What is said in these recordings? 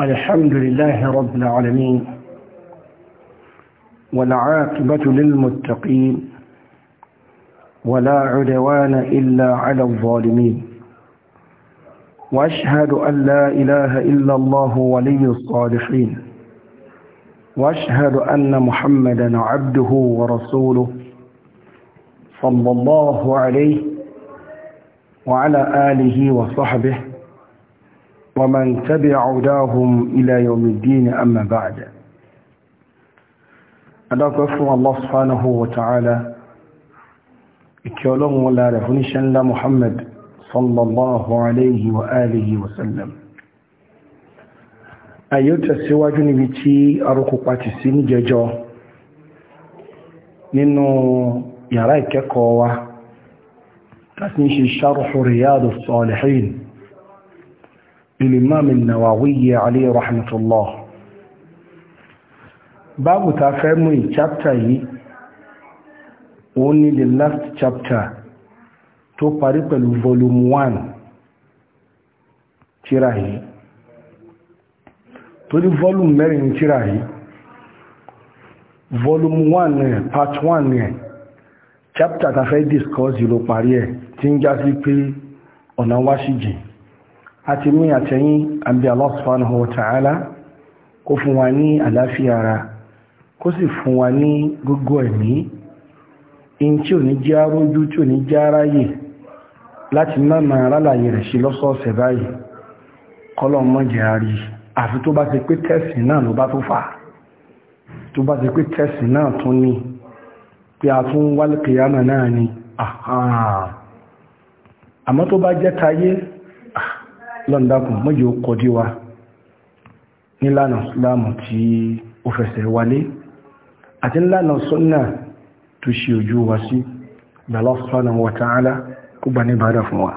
الحمد لله رب العالمين والعاقبة للمتقين ولا عدوان إلا على الظالمين وأشهد أن لا إله إلا الله ولي الصالحين وأشهد أن محمدا عبده ورسوله صلى الله عليه وعلى آله وصحبه ومن تبع هداهم إلى يوم الدين أما بعد أدعوكم الله سبحانه وتعالى إكيولهم ولا رفنشن محمد صلى الله عليه وآله وسلم أيوتا سواجني بتي أروكو قاتسين ججو ننو يرايك كوا تسنشي شرح رياض الصالحين للإمام النووي عليه رحمة الله báàbù ta fẹ́ mú ì chapter yìí ó ní the last chapter tó parí pẹ̀lú volume 1 tíra yìí tó volume mẹ́rin tíra volume 1 part 1 chapter ta fẹ́ discuss yìí ló parí ẹ̀ tí ń já sí pé ọ̀nà àti ní àtẹ̀yìn àbí Allah subhanahu wa ta'ala kó fún wa ní àlàáfíà ara kó sì fún wa ní gbogbo ẹ̀mí in tí ò ní jẹ́ arójú tí ò ní jẹ́ aráyè láti má máa rálàyé rẹ̀ sí lọ́sọ̀ọ̀sẹ̀ báyìí kọ́lọ̀ mọ́jẹ̀ àrí àfi tó bá ti pé tẹ́sì náà ló bá tó fà tó bá ti pé tẹ́sì náà tún ní pé a tún wálé náà ni àmọ́ tó bá jẹ́ tayé lọ́ndàkùn mọ́jì ó kọjú wa tí ó ìsìláàmù tí ó fẹsẹ̀ wálé àti sí sọ́nà tó ṣe ojú wa sí Allah subhanahu wa kó ba ní bàdà fún wa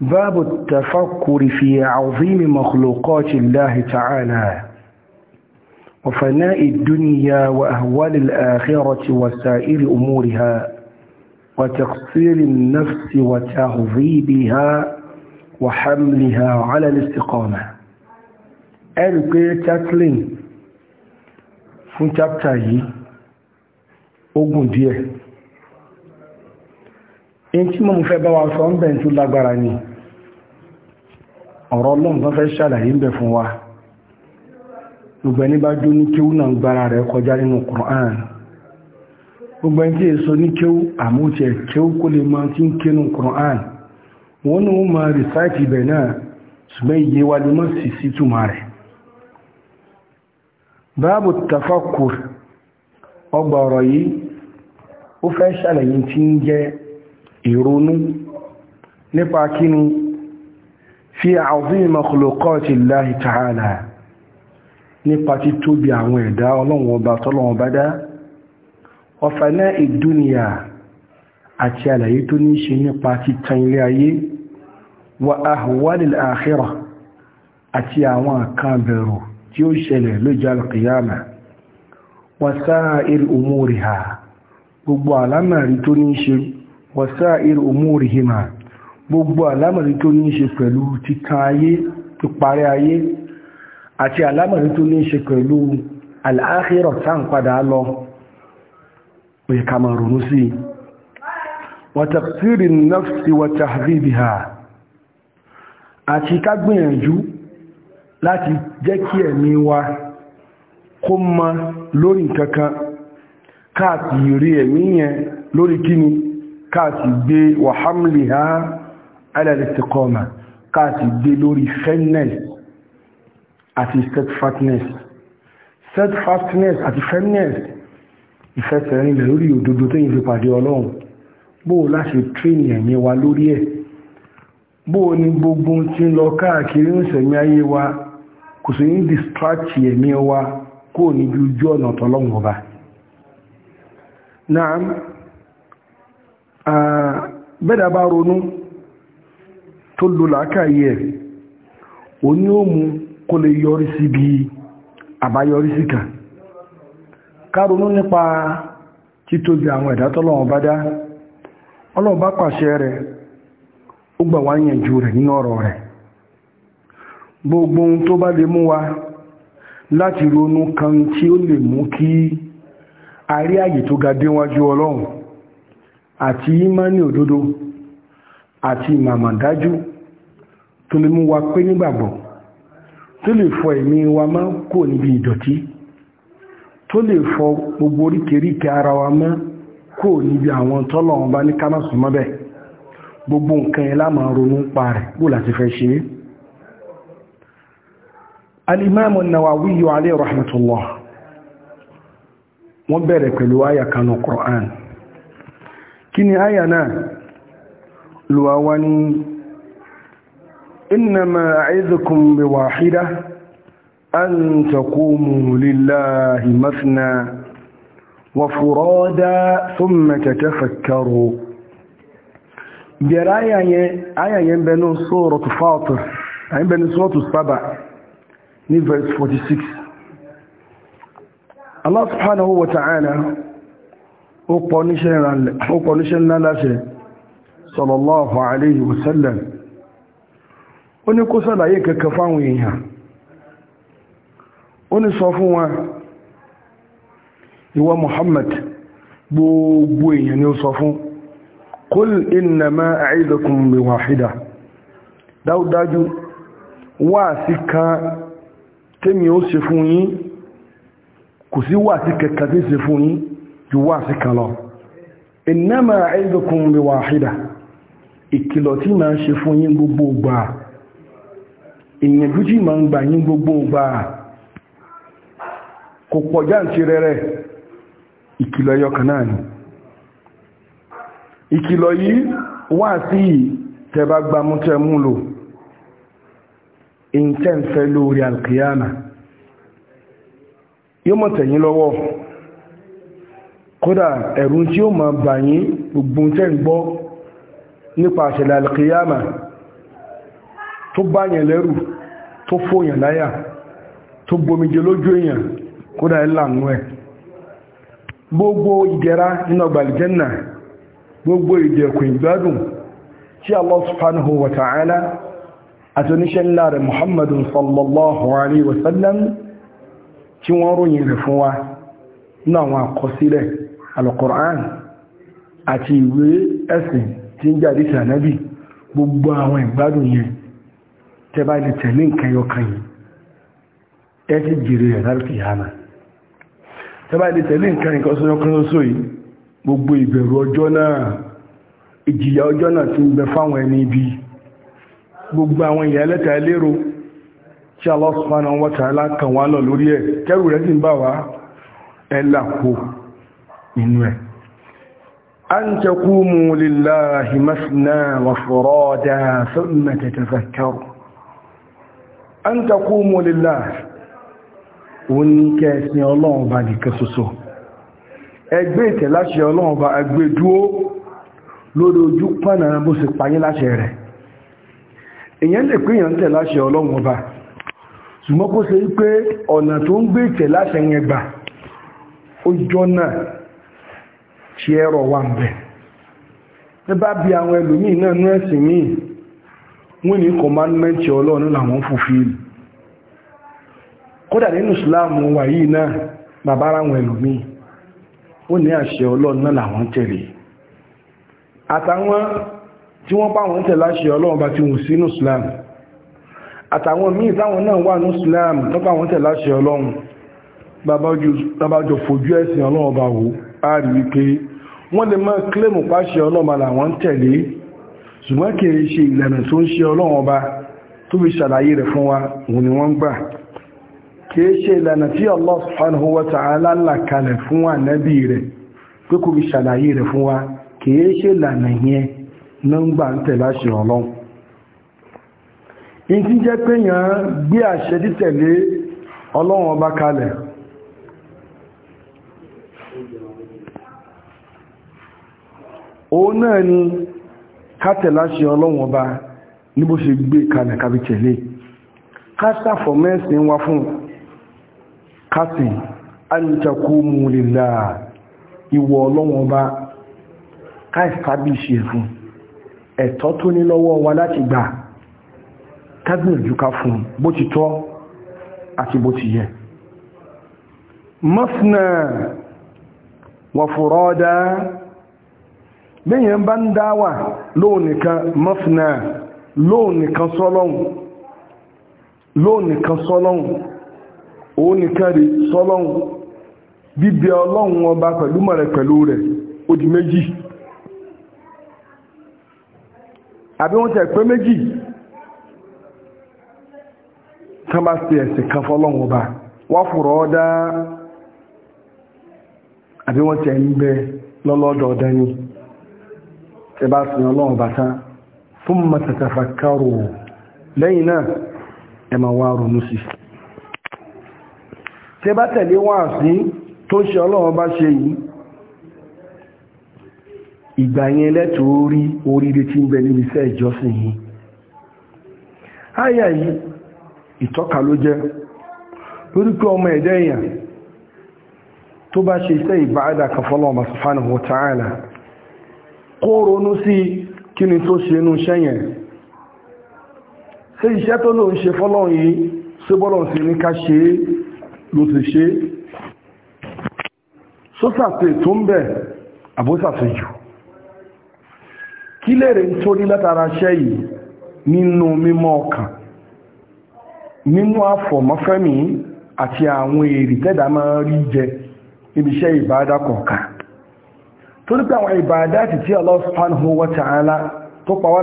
báàbù tafakuri fi àwọ̀fíìmì makhluqati Allahi ta'ala وفناء الدنيا وأهوال الآخرة وتقصير النفس وتهذيبها ha, على الاستقامة ẹ̀rì pé chaplain fún chapter yìí ogun díẹ̀ in tí mọ́ mú fẹ́ bá wa sọ ń bẹ̀ tún lágbára ni ọ̀rọ̀ ọlọ́run tó fẹ́ ṣàlàyé ń bẹ̀ fún wa gbogbo ẹni bá jó ní kíú náà gbára rẹ̀ kọjá nínú gbogbo ẹni tí ní kíú àmúti ẹ̀ wọ́n ní wọ́n máa rìsáìtì ibẹ̀ náà ṣùgbọ́n iye wa lè mọ́ sí sí túmọ̀ rẹ̀ báàbù tafakur ọgbà ọ̀rọ̀ yìí ó fẹ́ ṣàlàyé tí ń jẹ́ ìrònú nípa kínú fi àwọn makhluqati Allahi ta'ala nípa títóbi àwọn ẹ̀dá ọlọ́run ọba tọ́lọ́run bá dá ọ̀fẹ́ náà ìdúnìyà àti àlàyé tó ní ṣe nípa títan ilé ayé wa ahwalil akhirah àti àwọn kan bẹ̀rù tí ó ṣẹlẹ̀ lọ́jọ́ alkiyama wa sa'ir umuriha gbogbo alámàrí tó ní ṣe wa sa'ir umurihima gbogbo alámàrí tó ní ṣe pẹ̀lú títan ayé tó parí ayé àti alámàrí tó ní ṣe pẹ̀lú al'áhírọ̀ tán padà lọ òyìnkà màrùn-ún sí wa tafsirin nafsi wa tahdhibiha àti ká gbìyànjú láti jẹ́ kí ẹ̀mí wa kó mọ́ lórí kankan káàkì rí ẹ̀mí yẹn lórí kíni káàkì gbé wàhámlì ha alẹ́lẹ́tẹ̀kọ́mà káàkì gbé lórí fairness àti steadfastness steadfastness àti fairness ìfẹsẹ̀rin lórí òdodo tó yìí fi pàdé ọlọ́run bóò láti tírínì ẹ̀mí wa lórí ẹ̀ bó ni gbogbo tí ń lọ káàkiri ń sẹ̀mí ayé wa kò sí ní ẹ̀mí wa kó ní ju ojú ọ̀nà tọ́lọ́wọ̀n bá náà bẹ́dà bá ronú tó lò láàkàyè ẹ̀ o ní ó mú kó lè yọrí sí bí àbáyọrí sí kà ká ronú ó gbà wá yànjú rẹ̀ nínú ọ̀rọ̀ rẹ̀ gbogbo ohun tó bá lè mú wa láti ronú kan tí ó lè mú kí a rí tó ga déwájú ọlọ́run àti imani òdodo àti ìmàmàdájú tó lè mú wa pé nígbàgbọ̀ tó lè fọ ẹ̀mí wa mọ́ kò níbi ìdọ̀tí tó lè fọ gbogbo oríkèríkè ara wa mọ́ gbogbo nǹkan ẹ̀ láàmà ronú pa rẹ̀ bó láti fẹ́ ṣe alìmáàmù Nawawi yọ alẹ́ rahmatullah wọ́n bẹ̀rẹ̀ pẹ̀lú àyà kanu Qur'an kí ni àyà náà lùwà wá ní innama a'izukum bi wahida an taqumu lillahi masna jẹ́rẹ̀ ayàyẹ ń bẹnu sọ́rọ̀ tó fáwọ̀tọ̀ àyíbẹ̀ni sọ́rọ̀ sábà ní verse 46 Allah subhanahu wa ta'ala ó pọ̀ níṣẹ́ ńlá láṣẹ sallallahu alayhi wa sallam ó ní kó sàlàyé kẹkẹ fáwọn èèyàn ó ní Muhammad gbogbo èèyàn ni ó sọ fún kul inna ma a'idukum bi wahida dáúdájú wà sí kan tèmi ó ṣe fún yín kò sí wà sí kẹta tí ṣe fún yín ju wà sí kan lọ inna ma a'idukum bi wahida ìkìlọ̀ tí ma ṣe fún yín gbogbo gbà ìyẹ̀dújì ma ń gbà yín gbogbo gbà kò pọ̀ jáǹtì rẹ̀rẹ̀ ìkìlọ̀ ẹyọ náà ni ìkìlọ̀ yìí wà sí tẹba gbamútẹ múlò ìntẹ́ǹfẹ́ lórí alkiyama yóò mọ̀ tẹ̀yìn lọ́wọ́ kódà ẹ̀rù tí ó ma bà yín gbogbo tẹ́ ń gbọ́ nípa àṣẹlẹ̀ alkiyama tó báyẹ̀ lẹ́rù tó fòyàn láyà tó gbomijẹ lójú èèyàn kódà ẹ̀lànú ẹ̀ gbogbo ìdẹ̀ra nínú ọgbàlìjẹ́ gbogbo ìdẹ̀kùn ìgbádùn tí Allah subhanahu wa ta'ala àti oníṣẹ́ ńlá rẹ̀ Muhammadun sallallahu alaihi wasallam tí wọ́n ròyìn rẹ̀ fún wa náà wọn àkọsílẹ̀ al-Qur'an àti ìwé ẹ̀sìn tí ń jáde sí ànábì gbogbo àwọn ìgbádùn yẹn tẹ́bá ilẹ̀ tẹ̀lé nǹkan yọkan yìí ẹ ti jèrè ẹ̀ láti yàmà tẹ́bá ilẹ̀ tẹ̀lé nǹkan yọkan sóyí gbogbo ìbẹ̀rù ọjọ́ náà ìjìyà ọjọ́ náà ti ń bẹ fáwọn ẹni ibi gbogbo àwọn ìyà ẹlẹ́ta ẹlẹ́rọ tí Allah lori wa ta'ala wá lọ lórí ẹ̀ kẹrù rẹ̀ sì ń bà wá inú ẹ̀ an taqumu lillahi masna wa ẹgbẹ́ ìtẹ̀ láṣẹ ọlọ́run ọba ẹgbẹ́ dúó lórí ojú pọ̀nà bó ṣe payé láṣẹ rẹ̀ èyàn lè pé èyàn tẹ̀ láṣẹ ọlọ́run ọba ṣùgbọ́n kó ṣe wípé ọ̀nà tó ń gbé ìtẹ̀ láṣẹ yẹn gbà ó jọ́nà tí ẹrọ wà ń bẹ̀ ẹ bá bí àwọn ẹlòmíì náà ní ẹ̀sìn míì wọ́n ní kọmánmẹ́ntì ọlọ́run làwọn fòfin kódà nínú ìsìláàmù wà náà bàbá ara ó ní àṣẹ ọlọ́run náà làwọn tẹ̀lé àtàwọn tí wọ́n bá wọn tẹ̀lé àṣẹ ọlọ́run bá ti wù sínú islam àtàwọn míì táwọn náà wà ní islam tó bá wọn tẹ̀lé àṣẹ ọlọ́run bábájọ fojú ẹ̀sìn ọlọ́run bá wò á rí wípé wọ́n lè máa kílèmù pàṣẹ ọlọ́run làwọn tẹ̀lé ṣùgbọ́n kìí kìí ṣe ìlànà tí Allah subhanahu wa ta'ala kalẹ̀ fún nẹ́bí rẹ̀ pé kò bí ṣàlàyé rẹ̀ fún wa kìí ṣe ìlànà yẹn ló gbà ń tẹ̀lé in jẹ́ pé yàn gbé àṣẹ títẹ̀lé ọlọ́run ọba kalẹ̀ òun náà ni ọlọ́run ọba ṣe gbé fún kásì antakumu lillah ìwọ ọlọ́wọ́n bá ká ìfàbíṣe fún ẹ̀tọ́ tó ní lọ́wọ́ wa láti gbà kágbìyànjú ká fún bó ti tọ́ àti bó ti yẹ masna wa furada bẹ́yẹn bá ń dáwà kan masna lóònìkan sọ́lọ́hun kan sọ́lọ́hun òun nìkẹ́rì sọ́lọ́hun ọlọ́run ọba pẹ̀lú mọ̀rẹ̀ pẹ̀lú rẹ̀ ó méjì àbí wọ́n tẹ̀ pé méjì kan bá ọba wọ́n fòrọ̀ ọ́dá àbí wọ́n tẹ̀ ń bẹ lọ́lọ́dọ̀ ọ̀dá tẹ bá sin ọlọ́run ọba tán fún mọ̀tàtàfà kárò ẹ ma wá ronú sí tẹ bá tẹ̀lé wọ́n sí tó ṣe ọlọ́run bá ṣe yìí ìgbà yẹn orí oríire tí ń bẹ níbi iṣẹ́ ìjọsìn yìí ayà yìí ìtọ́ka ló jẹ́ lórí ọmọ ẹ̀dẹ́ èèyàn tó bá ṣe iṣẹ́ ìbáadà kan fọ́lọ́run ló ti ṣe sọ́sàtẹ̀ tó ń bẹ̀ àbósàtẹ̀ jù kí lèrè ń tó ní látara ṣẹ́ yìí nínú mímọ́ ọkàn nínú àfọ̀mọ́fẹ́mí àti àwọn èrì tẹ́dà máa rí jẹ ìbáadá kọ̀ọ̀kan tó ní ìbáadá ti tí Allah tó pàwọ́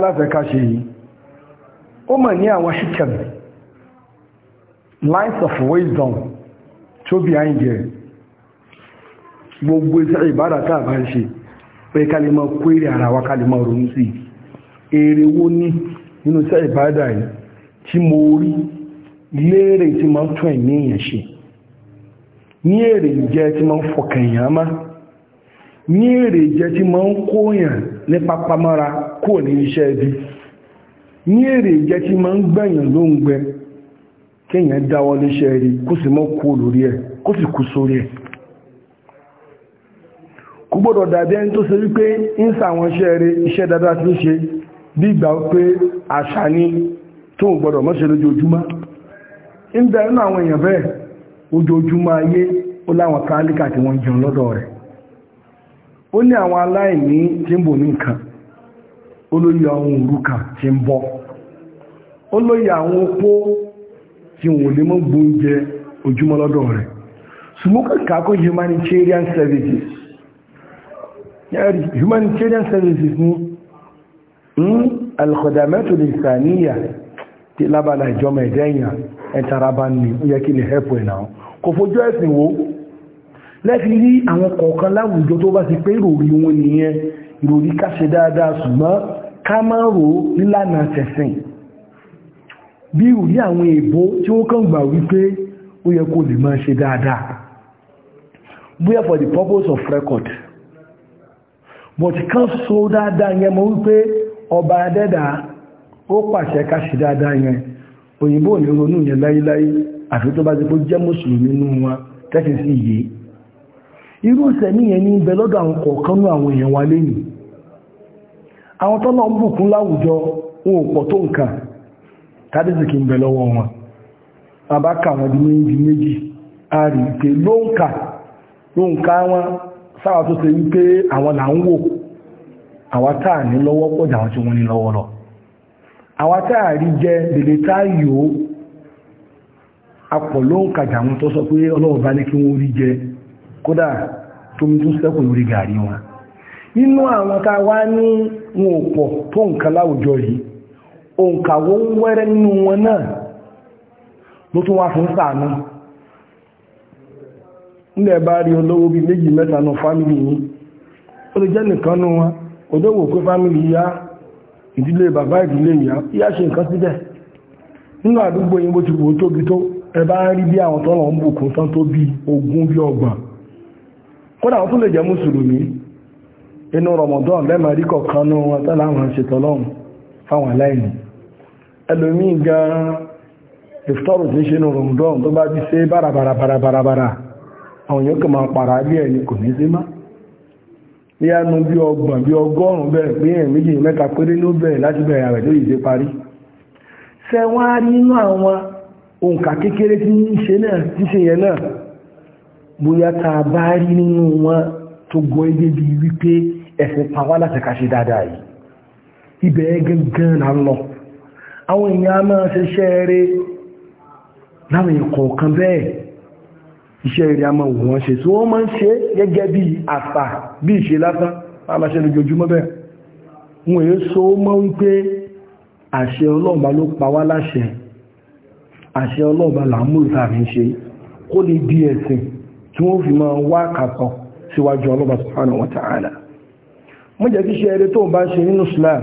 lines of wisdom tó bí àyìn jẹ gbogbo iṣẹ́ ìbára tàà bá ń ṣe pé kalima kó èrè ara wa kalima ronú sí èrè wo ní nínú iṣẹ́ ìbára yìí tí mo rí léèrè tí ma ń tún ẹ̀mí èèyàn ṣe ní èrè jẹ́ tí ma ń fọkàn èèyàn má ní èrè jẹ́ tí ma ń kó èèyàn ní pápámọ́ra kúrò ní iṣẹ́ ibi ní èrè jẹ́ tí ma ń gbẹ̀yàn lóhùn kéèyàn dáwọ́ léṣẹ́ rí kó sì mọ́ kú lórí ẹ̀ kó sì kú sórí ẹ̀ kú gbọ́dọ̀ dàbí ẹni tó ṣe wípé ń sàwọn iṣẹ́ rí iṣẹ́ dáadáa tí ó ṣe bí ìgbà àṣà ni tó ń gbọ́dọ̀ ṣe ń bẹ àwọn èèyàn bẹ́ẹ̀ ojoojúmọ́ ayé ó láwọn kálíkà tí wọ́n jẹun lọ́dọ̀ rẹ̀ ó ní àwọn aláìní tí ń ní nǹkan ń bọ́ tí wọ́n lè mọ́ gbóúnjẹ ojúmọ́ lọ́dọ̀ rẹ̀ ṣùgbọ́n kàkọ́ humanitarian services humanitarian services ní hmm, alkhadamatu lisaniya tí lábàlá ìjọmọ̀ ẹ̀dẹ́yàn ẹ̀tàràbà ní ó yẹ kí lè help ẹ̀ náà kò fojú ẹ̀sìn wo lẹ́fi rí àwọn kọ̀ọ̀kan láwùjọ tó bá ti pé ìròrí wọn nìyẹn ìròrí ká ṣe dáadáa ṣùgbọ́n ká máa rò nílànà tẹ̀sìn bí ìrù ní àwọn èèbó tí wọ́n kàn gbà wípé ó yẹ kó lè máa ṣe dáadáa bóyá for the purpose of record but kan so dáadáa yẹn mọ́ wípé ọba adẹ́dà ó pàṣẹ ká ṣe dáadáa yẹn òyìnbó ní ronú yẹn láíláí tó bá ti jẹ́ mùsùlùmí nínú wọn tẹ́sí sí iye irú ìsẹ̀mí yẹn ní ibẹ̀ lọ́dọ̀ àwọn kọ̀ọ̀kan ní àwọn èèyàn wa lẹ́yìn àwọn ń bùkún láwùjọ wọn tàbísìkì ń bẹ lọ́wọ́ wọn àbákà wọn di méjì méjì a rí pé lóǹkà lóǹkà wọn sáwà tó wípé àwọn là ń wò àwa táà ní lọ́wọ́ pọ̀ wọn tí lọ àwa táà rí jẹ lèlè táà apọ̀ sọ pé ọlọ́wọ́ bá ní kí òǹkàwó ń wẹ́rẹ́ nínú wọn náà ló tún wá fún sàánú nílẹ̀ bá rí olówó bí méjì mẹ́ta nù fámílì yìí ó lè jẹ́ nìkan nù wọn òdówò pé fámílì yá ìdílé bàbá ìdílé ìyá yá ṣe nǹkan síbẹ̀ nínú àdúgbò yìí bó ti wò tóbi tó ẹ bá rí bí àwọn tọ́nà ń bùkún tán tó bí ogún bí ọgbà kódà wọ́n tún jẹ́ mùsùlùmí inú rọmọdán ẹlòmí gan ìfitọ́rù tí ń ṣe ní rọ̀mùdọ́n tó bá ti ṣe bárabàrabàrabàrà àwọn yóò kà máa pàrà bí ẹni kò ní sí má ní ẹnu bí ọgbọ̀n bí ọgọ́rùn-ún bẹ́ẹ̀ pé ẹ̀ méjì mẹ́ta péré ló bẹ̀rẹ̀ láti bẹ̀rẹ̀ rẹ̀ tó yìí dé parí ṣe wá rí nínú àwọn òǹkà kékeré tí ń ibẹ̀ gangan là lọ àwọn èèyàn a máa ṣe iṣẹ́ rẹ̀ láwọn èèkọ̀ kan bẹ́ẹ̀ iṣẹ́ rẹ̀ a máa wọ́n ṣe tí wọ́n máa ń ṣe gẹ́gẹ́ bí àṣà bí ìṣe lásán máa ṣe lójoojúmọ́ bẹ́ẹ̀ wọ́n èé so mọ́ wípé àṣẹ ọlọ́ọ̀bá ló pa tí wa ta'ala mọ́ jẹ́ kí ṣe eré tó bá ṣe nínú Islam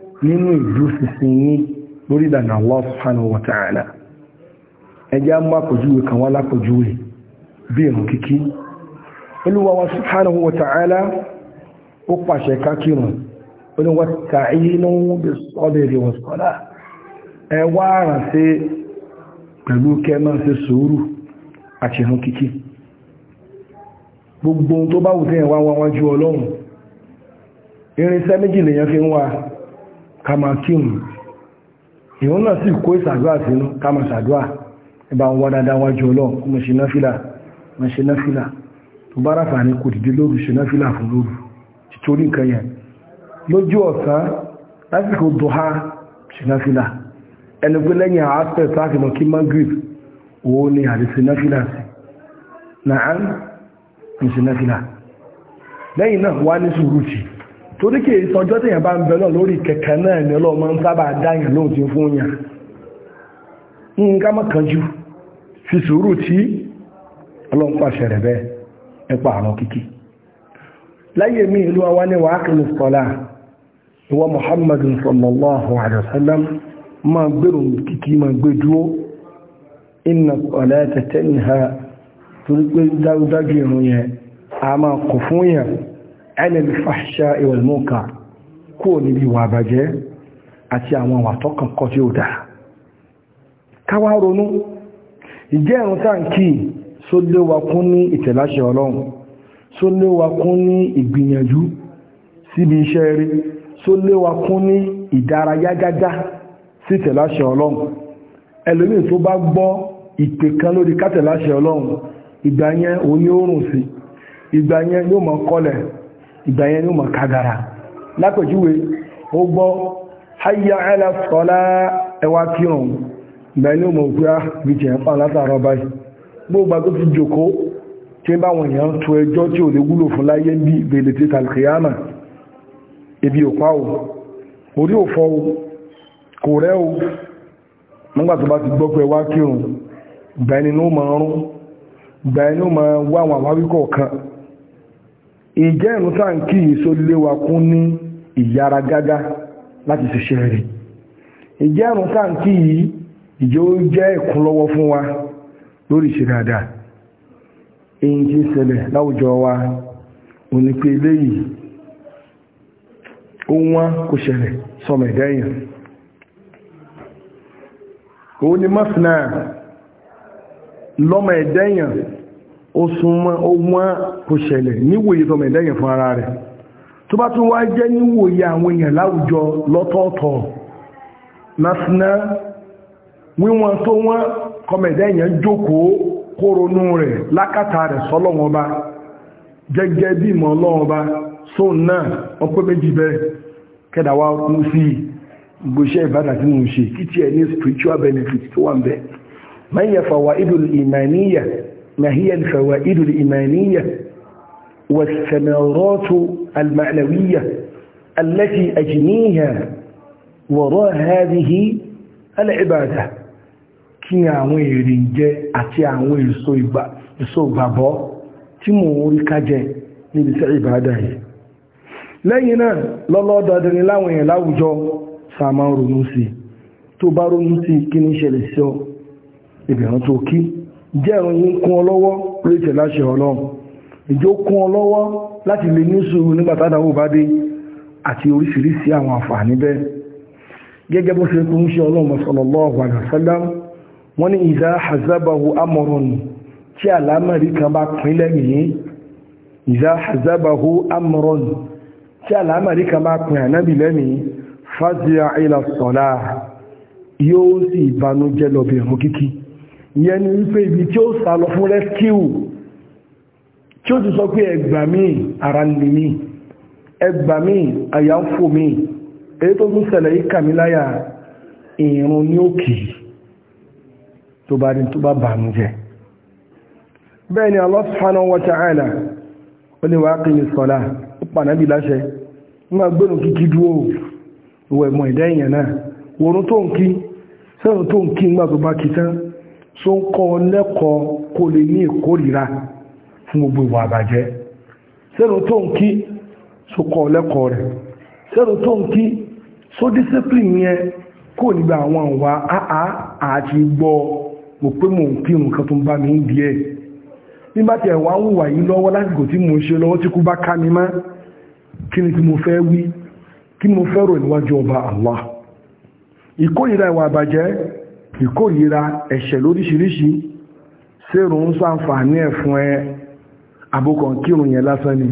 nínú ìlú sísin yí lórí ìdànà Allah subhanahu wa ta'ala ẹjá mú àpòjúwe kan wá lápòjúwe bí ìrùn kíkí olúwa wa subhanahu wa ta'ala ó pàṣẹ kákírùn olúwa ta'ínú bí sọ́bẹ̀rẹ̀ wọn sọ́lá ẹ wá ránṣẹ́ pẹ̀lú kẹ́mọ́ sí sùúrù àti irinṣẹ́ méjì lèyàn fi ń wá ká máa kírun ìwọ́n náà sì kó ìsàdúrà sínú ká máa sàdúrà ẹba ń wá dáadáa wájú ọlọ́run kó máa ṣe náfìlà máa ṣe náfìlà tó bá ráfà ní kò dìde lóru ṣe náfìlà fún lóru títorí nǹkan yẹn lójú ọ̀sán lásìkò dùhá ṣe náfìlà ẹni pé lẹ́yìn àápẹ̀ sáàkì torí kì í sọjọ́ tèèyàn bá ń bẹ lọ́ọ̀ lórí kẹ̀kẹ́ náà ni ọlọ́ọ̀ máa ń sábà dáyàn lóhùn tí ó fún yàn nǹkan mọ́kànjú fi sùúrù tí ọlọ́run pàṣẹ rẹ̀ bẹ́ẹ̀ nípa láyé mi ìlú àwọn ní wàá kìlú sallallahu ha ya a ẹlẹ́lì fàṣà ìwọ̀n mọ́ǹkà kúrò níbi ìwà àbàjẹ́ àti àwọn àwà tọ́kàn kọ́ tí ó dà káwá ronú ìjẹ́ ẹ̀rùn táǹkì só léwa kún ní ìtẹ̀láṣẹ ọlọ́run só léwa kún ní ìgbìyànjú síbi iṣẹ́ rí só léwa kún ní ìdárayá gágá sí ìtẹ̀láṣẹ ọlọ́run ẹlòmíì tó bá gbọ́ ìpè kan lórí kátẹ̀láṣẹ ọlọ́run ìgbà yẹn òní ó rùn sí ìgbà yẹn yóò mọ̀ kọlẹ̀ ìgbà yẹn ni ó mọ̀ kagara lápẹ̀júwe ó gbọ́ hayya ala sọ́lá ẹwà kírun ìgbà yẹn ni ó mọ̀ òkúra bí jẹ́ pa látàrọ báyìí gbogbo àgbà tó ti jòkó tí báwọn èèyàn tó ẹjọ́ tí ò ìjẹ́ ìrun tá ń kí ìsó kún ní ìyára gágá láti ṣiṣẹ́ rẹ̀ ìjẹ́ ìrun tá jẹ́ ìkúnlọ́wọ́ fún wa lórí ṣe èyí tí sẹlẹ̀ láwùjọ wa òní ó kò ṣẹlẹ̀ sọmọ ó súnmọ́ ó wọ́n kò ṣẹlẹ̀ níwòye tọmọ ẹ̀dẹ́yìn fún ara rẹ̀ tó bá tún wá jẹ́ níwòye àwọn èèyàn láwùjọ lọ́tọ̀ọ̀tọ̀ lásìná wíwọ́n tó wọ́n kọmọ jókòó kóronú rẹ̀ lákàtà rẹ̀ sọ́lọ́wọ́n ọba ما هي الفوائد الإيمانية والثمرات المعنوية التي أجنيها وراء هذه العبادة kí àwọn èrè jẹ àti àwọn èso ìgbàbọ́ tí mò ń rí kájẹ níbi sí ìbádà yìí lẹ́yìn náà lọ́lọ́dọ̀dọ̀ ni láwọn èèyàn láwùjọ sàmà ronú sí tó bá ronú sí kí ní ṣẹlẹ̀ sí ọ ìbẹ̀rún tó kí jẹ́rùn yí kún ọ lọ́wọ́ rẹ̀tẹ̀ láṣẹ ọlọ́run ìjó kún ọ lọ́wọ́ láti lè ní sùúrù nígbàtàdàwò bá dé àti oríṣiríṣi àwọn àǹfààní bẹ́ẹ̀ gẹ́gẹ́ bó ṣe kún ṣe ọlọ́run sallallahu alaihi wasallam wọ́n ní ìdá hazabahu amrun tí àlámọ̀rí kan bá pín lẹ́yìn ìdá hazabahu amrun tí àlámọ̀rí kan kíkí ìyẹn ni wípé ibi tí ó sá lọ fún rescue tí ó ti sọ pé ẹgbà míì ara lè mí ẹgbà míì àyà ń fò míì èyí tó tún ṣẹlẹ̀ yìí kàmí láyà ìrún ní òkè tó bá rí tó bá bàánú jẹ bẹ́ẹ̀ ni Allah subhanahu wa ta'ala ó lè wá kí ní sọ́lá ó kí tó ń kọ́ lẹ́kọ̀ọ́ kó ní ìkórìíra fún gbogbo ìwà àbàjẹ́ sẹ́nu tó ń kí so kọ́ lẹ́kọ̀ọ́ rẹ̀ sẹ́nu tó ń kí so discipline yẹn kò nígbà àwọn ìwà àá àti gbọ́ mo pé mò ń kí nǹkan tó ń bá mi ń ẹ̀ nígbà tí ẹ̀wà ń wà yìí lọ́wọ́ lásìkò tí ọba ìkórìíra ìwà àbàjẹ́ ìkórìíra ẹ̀ṣẹ̀ lóríṣiríṣi sẹ́rùn ń sàǹfààní ẹ̀fún ẹ àbúkàn kírun yẹn lásán ni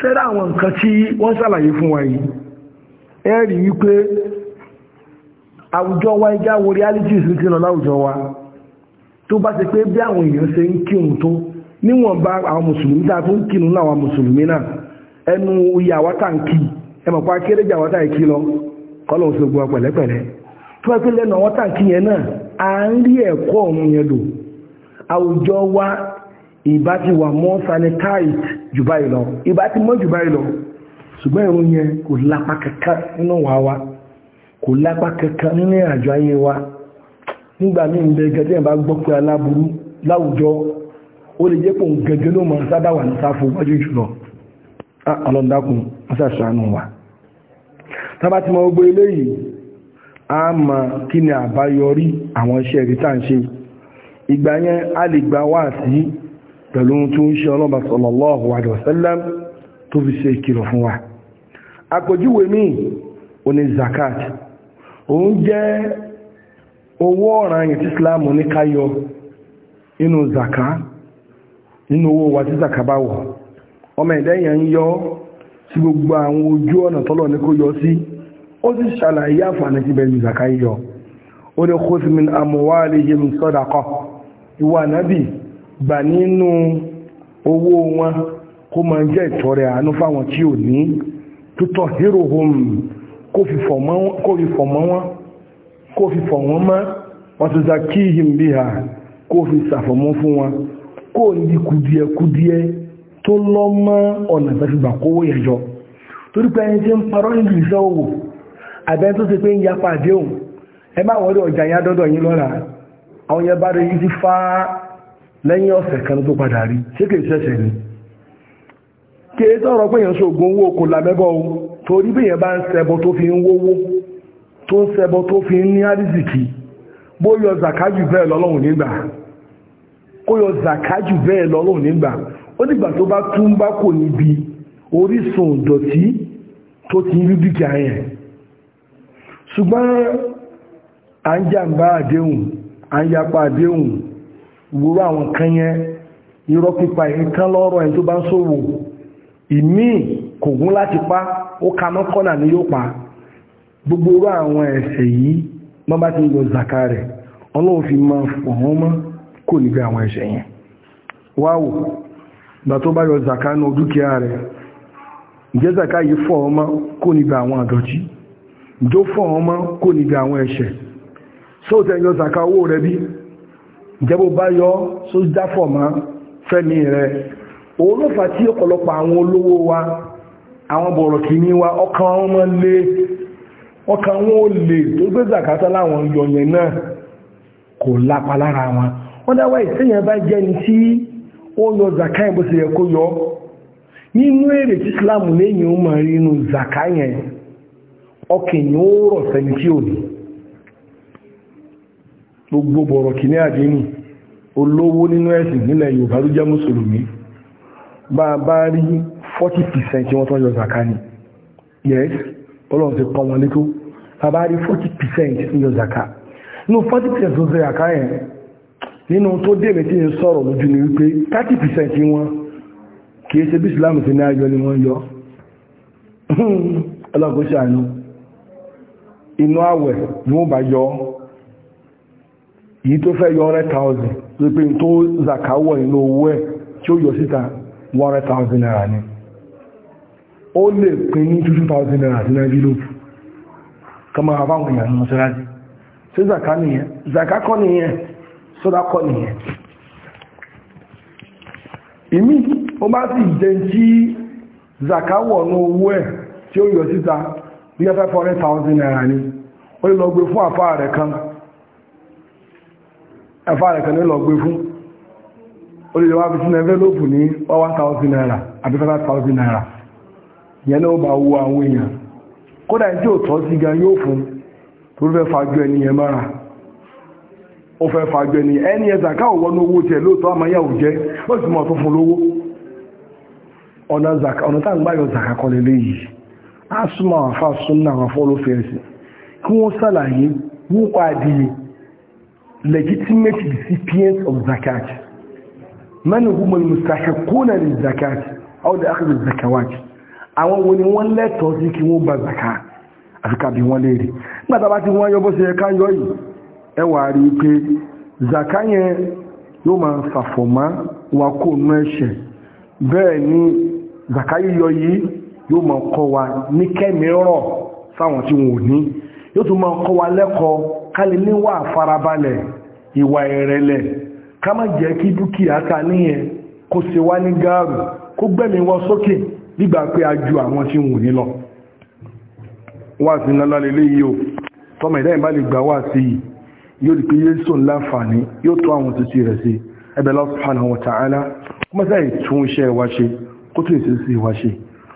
sẹ́rẹ̀ àwọn nǹkan tí wọ́n sàlàyé fún wa yìí ẹ wípé àwùjọ wa ẹjá wo realities ti lọ láwùjọ wa tó bá ti pé bí àwọn èèyàn ṣe ń kírun tó níwọ̀nba àwọn mùsùlùmí tá a tún kírun náà àwọn mùsùlùmí náà ẹnu ìyàwó tàǹkì ẹmọ̀pá kéréjà wọ́tà ìkí lọ kọ́lọ̀ òṣogbo pẹ̀lẹ́pẹ̀lẹ́ tó wá pé lẹ́nu àwọn tàǹkì yẹn náà a ń rí ẹ̀kọ́ ọ̀hún yẹn lò àwùjọ wa ìbá ti wà mọ́ sanitized jù báyìí lọ ìbá ti mọ́ jù báyìí lọ ṣùgbọ́n yẹn kò lápá nínú wa wa kò lápá nínú àjọ ayé wa nígbà ń bẹ gẹ́gẹ́ bá gbọ́ pé aláburú láwùjọ ó lè jẹ́ pò ń ah, wa a ma kí ni àbáyọrí àwọn iṣẹ́ ìrítà ń ṣe ìgbà yẹn a lè gba wá sí pẹ̀lú tó ń ṣe ọlọ́bà sallallahu tó fi ṣe fún wa o jẹ́ owó ọ̀ràn yìí tí ní káyọ zaka nínú owó wa tí zaka bá wọ̀ ọmọ yọ sí gbogbo àwọn ojú ọ̀nà tọ́lọ̀ ní kó yọ sí ó sì ṣàlàyé àǹfààní tí bẹ̀rẹ̀ ìzàká yíyọ ó ní khudh min amwalihim sadaqa ìwà nábì gbà nínú owó wọn kó máa jẹ́ ìtọrẹ àánú fáwọn tí ò ní tútọ̀ hero home kó fi fọ̀ wọ́n kó fi fọ̀ wọ́n mọ́ wọ́n ti tó lọ mọ́ ọ̀nà ìfẹ́fìgbà kówó yẹjọ àbẹ́ tó ti pé ń yapa àdéhùn ẹ má wọ́n rí ọjà yẹn dọ́dọ̀ yín lọ́ra àwọn yẹn bá rí yí ti fá lẹ́yìn kan tó padà rí ṣẹ̀ṣẹ̀ ni kí ẹ tọrọ pé èèyàn ṣoògùn owó o torí bí èèyàn bá ń ṣẹbọ tó fi ń wówó tó ń ṣẹbọ tó fi ń ní bó yọ zakaju bẹ́ẹ̀ lọ́lọ́hùn nígbà kó yọ bẹ́ẹ̀ lọ́lọ́hùn ṣùgbọ́n à ń jàǹbá àdéhùn à ń yapa àdéhùn ìwúrú àwọn kan irọ́ pípa lọ́rọ̀ ẹni tó bá ń ìmí kò gún pa ó ka mọ́ kọ́nà ní gbogbo irú àwọn ẹ̀ṣẹ̀ yìí wọ́n bá ti yọ zaka rẹ̀ ọlọ́run fi mọ́ kò níbi àwọn yẹn wáwò tó bá yọ zaka náà dúkìá rẹ̀ zaka yìí fọ̀ mọ́ kò níbi jó fún ọmọ kò níbi àwọn ẹ̀ṣẹ̀ sóòtẹ́ yọ zaka owó rẹ bí jẹ́bó bá yọ sójá fọ̀mọ́ fẹ́mi rẹ òun ló fà tí ọ̀pọ̀lọpọ̀ àwọn olówó wa àwọn bọ̀rọ̀ kìíní wa ọkàn wọn mọ́ ọkàn wọn lè tó gbé zakata láwọn yọ̀yẹ̀ náà kò lápa lára wọn wọ́n dáwà ìsẹ́yìn bá jẹ́ ní tí yọ zaka yẹn bó yẹ kó yọ nínú èrè tí Islam lẹ́yìn ó mọ̀ zaka yẹn ọkìnyìn ó rọ̀ sẹ́yìn tí ò ní gbogbo bọ̀rọ̀ kìíní àdínì olówó nínú ẹ̀sìn nílẹ̀ Yorùbá ló jẹ́ mùsùlùmí bá a bá rí 40% tí wọ́n tán yọ zaka ni yes ọlọ́run ti pọ̀ wọn létó a bá rí 40% tí yọ zaka nínú 40% tó zẹ àká yẹn nínú tó dèmí tí ń sọ̀rọ̀ lójú ni wípé 30% tí wọ́n kìí ṣe bí Islam ti ní ayọ ni wọ́n yọ ọlọ́gbọ́sàánú inú àwẹ̀ ní wọ́n bá yọ yìí tó fẹ́ yọ 100,000 tó pé tó zakawọ̀ inú owó ẹ̀ tí ó yọ síta 100,000 naira ni ó lè pín ní 2,000 naira sí nàíjíríò kama àbáwọn èèyàn ní mọ́sánrájí sí zaka nìyẹn zaka kọ́ nìyẹn sọ́dá kọ́ nìyẹn ìmí ó bá sì jẹ tí zakawọ̀ inú owó ẹ̀ tí ó yọ síta bí afọ fẹ́ fọ́rẹ́ tàwọn náírà ni ó lè lọ gbé fún afọ rẹ̀ kan ẹ̀fáà rẹ̀ kan ní lọ gbé fún ó lè wá fi ní 1000 naira àbí 5000 naira yẹn náà bá wo àwọn èèyàn kódà tí tọ́ sí gan yóò fún tó fẹ́ fàájú ẹni yẹn ó fẹ́ fàájú ẹni ẹni káwọ̀ owó lóòtọ́ àmáyàwó ó sì mọ̀ tó fún lówó asúnmọ̀ àfà súnmọ̀ àwọn fọ́lọ́fẹ́ẹ̀sì kí wọ́n sàlàyé nípa di legitimate recipients of zakat mẹ́nu gbogbo mustahikuna ní zakat ọdá akẹ́lù zakawat àwọn wo ni wọ́n lẹ́tọ̀ọ́ sí kí wọ́n bá zaka àfikà bí wọ́n léèrè nígbàtà bá ti wọ́n yọ bó ṣe ẹka yọ yìí ẹ wà rí pé zaka yẹn yóò máa fàfọ̀mọ́ wa kó nú ẹ̀ṣẹ̀ bẹ́ẹ̀ ni zaka yíyọ yìí yóò máa kọ́ wa ní kẹ́mìíràn fáwọn tí wọn ò ní yóò tún máa kọ́ wa lẹ́kọ̀ọ́ ká lè níwà farabalẹ̀ ìwà ìrẹ̀lẹ̀ ká má jẹ́ kí dúkìá ta níyẹn kó ṣe wá ní gáàrù kó gbẹ̀mí wọ sókè nígbà pé a ju àwọn tí wọn ò ní lọ wá sí ńlá lélẹ́ yìí o tọmọ ìdáyìn bá lè gbà wá sí yìí yóò di pé yéṣù láǹfààní yóò tó àwọn títí rẹ̀ sí ẹbẹ̀ subhanahu wa ta'ala kó mọ́sáyì tún kó tún ìṣesí wa